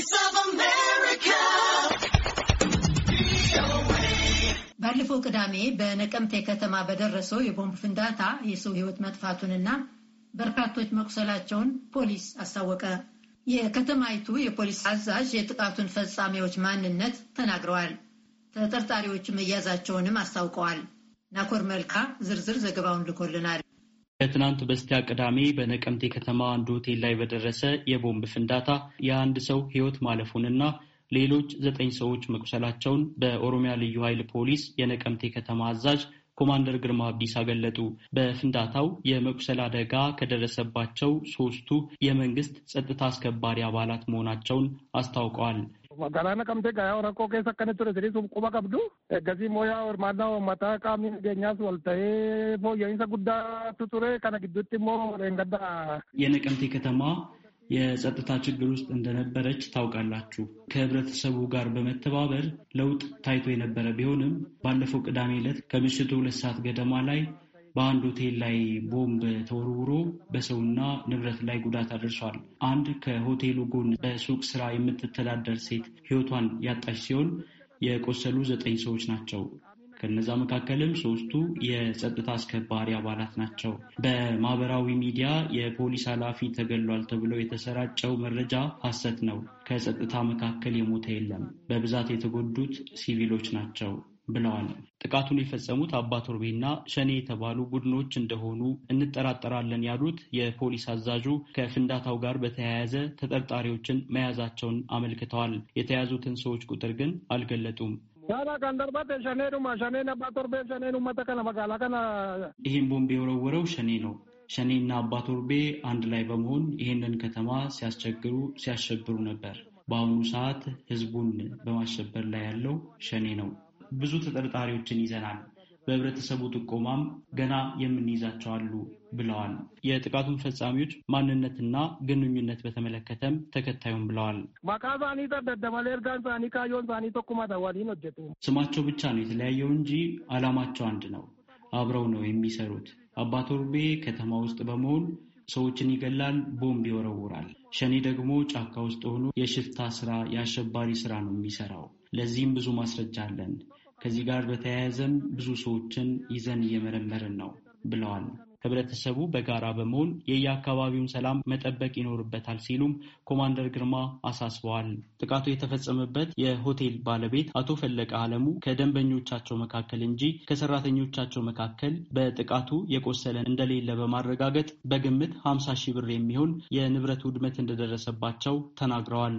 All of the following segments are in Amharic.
Voice of America. ባለፈው ቅዳሜ በነቀምቴ ከተማ በደረሰው የቦምብ ፍንዳታ የሰው ሕይወት መጥፋቱንና በርካቶች መቁሰላቸውን ፖሊስ አስታወቀ። የከተማይቱ የፖሊስ አዛዥ የጥቃቱን ፈጻሚዎች ማንነት ተናግረዋል። ተጠርጣሪዎቹ መያዛቸውንም አስታውቀዋል። ናኮር መልካ ዝርዝር ዘገባውን ልኮልናል። ከትናንት በስቲያ ቅዳሜ በነቀምቴ ከተማ አንድ ሆቴል ላይ በደረሰ የቦምብ ፍንዳታ የአንድ ሰው ሕይወት ማለፉንና ሌሎች ዘጠኝ ሰዎች መቁሰላቸውን በኦሮሚያ ልዩ ኃይል ፖሊስ የነቀምቴ ከተማ አዛዥ ኮማንደር ግርማ አብዲስ አገለጡ። በፍንዳታው የመቁሰል አደጋ ከደረሰባቸው ሶስቱ የመንግስት ጸጥታ አስከባሪ አባላት መሆናቸውን አስታውቀዋል። galaana qabamtee gayaa horakkoo keessa akkana ture sirrii quba qabdu eeggasii mooyaa hormaannaa uummataa qaamni nageenyaas wal ta'ee fooyya'insa guddaatu ture kana gidduutti immoo leengadda የነቀምቴ ከተማ የጸጥታ ችግር ውስጥ እንደነበረች ታውቃላችሁ። ከህብረተሰቡ ጋር በመተባበር ለውጥ ታይቶ የነበረ ቢሆንም ባለፈው ቅዳሜ ዕለት ከምሽቱ ሁለት ሰዓት ገደማ ላይ በአንድ ሆቴል ላይ ቦምብ ተወርውሮ በሰውና ንብረት ላይ ጉዳት አድርሷል። አንድ ከሆቴሉ ጎን በሱቅ ስራ የምትተዳደር ሴት ህይወቷን ያጣች ሲሆን የቆሰሉ ዘጠኝ ሰዎች ናቸው። ከነዛ መካከልም ሶስቱ የጸጥታ አስከባሪ አባላት ናቸው። በማህበራዊ ሚዲያ የፖሊስ ኃላፊ ተገሏል ተብለው የተሰራጨው መረጃ ሐሰት ነው። ከጸጥታ መካከል የሞተ የለም። በብዛት የተጎዱት ሲቪሎች ናቸው። ብለዋል። ጥቃቱን የፈጸሙት አባ ቶርቤና ሸኔ የተባሉ ቡድኖች እንደሆኑ እንጠራጠራለን ያሉት የፖሊስ አዛዡ ከፍንዳታው ጋር በተያያዘ ተጠርጣሪዎችን መያዛቸውን አመልክተዋል። የተያዙትን ሰዎች ቁጥር ግን አልገለጡም። ይህን ቦምብ የወረወረው ሸኔ ነው። ሸኔና አባ ቶርቤ አንድ ላይ በመሆን ይህንን ከተማ ሲያስቸግሩ ሲያሸብሩ ነበር። በአሁኑ ሰዓት ህዝቡን በማሸበር ላይ ያለው ሸኔ ነው። ብዙ ተጠርጣሪዎችን ይዘናል። በህብረተሰቡ ጥቆማም ገና የምንይዛቸው አሉ ብለዋል። የጥቃቱን ፈጻሚዎች ማንነትና ግንኙነት በተመለከተም ተከታዩም ብለዋል። ስማቸው ብቻ ነው የተለያየው እንጂ አላማቸው አንድ ነው። አብረው ነው የሚሰሩት። አባቶርቤ ከተማ ውስጥ በመሆን ሰዎችን ይገላል፣ ቦምብ ይወረውራል። ሸኔ ደግሞ ጫካ ውስጥ ሆኖ የሽፍታ ስራ፣ የአሸባሪ ስራ ነው የሚሰራው። ለዚህም ብዙ ማስረጃ አለን። ከዚህ ጋር በተያያዘም ብዙ ሰዎችን ይዘን እየመረመርን ነው ብለዋል። ህብረተሰቡ በጋራ በመሆን የየአካባቢውን ሰላም መጠበቅ ይኖርበታል ሲሉም ኮማንደር ግርማ አሳስበዋል። ጥቃቱ የተፈጸመበት የሆቴል ባለቤት አቶ ፈለቀ አለሙ ከደንበኞቻቸው መካከል እንጂ ከሰራተኞቻቸው መካከል በጥቃቱ የቆሰለ እንደሌለ በማረጋገጥ በግምት 50 ሺህ ብር የሚሆን የንብረት ውድመት እንደደረሰባቸው ተናግረዋል።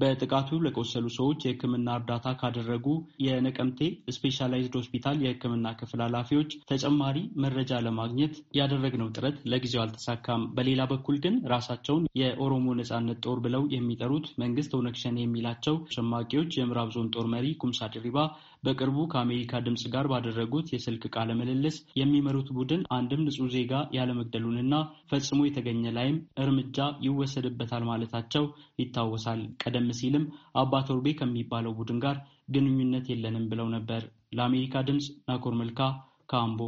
በጥቃቱ ለቆሰሉ ሰዎች የሕክምና እርዳታ ካደረጉ የነቀምቴ ስፔሻላይዝድ ሆስፒታል የሕክምና ክፍል ኃላፊዎች ተጨማሪ መረጃ ለማግኘት ያደረግነው ጥረት ለጊዜው አልተሳካም። በሌላ በኩል ግን ራሳቸውን የኦሮሞ ነጻነት ጦር ብለው የሚጠሩት መንግስት ኦነግ ሸኔ የሚላቸው ሸማቂዎች የምዕራብ ዞን ጦር መሪ ኩምሳ ድሪባ በቅርቡ ከአሜሪካ ድምፅ ጋር ባደረጉት የስልክ ቃለ ምልልስ የሚመሩት ቡድን አንድም ንጹህ ዜጋ ያለመግደሉንና ፈጽሞ የተገኘ ላይም እርምጃ ይወሰድበታል ማለታቸው ይታወሳል። ቀደም ሲልም አባቶርቤ ከሚባለው ቡድን ጋር ግንኙነት የለንም ብለው ነበር። ለአሜሪካ ድምፅ ናኮር መልካ ካምቦ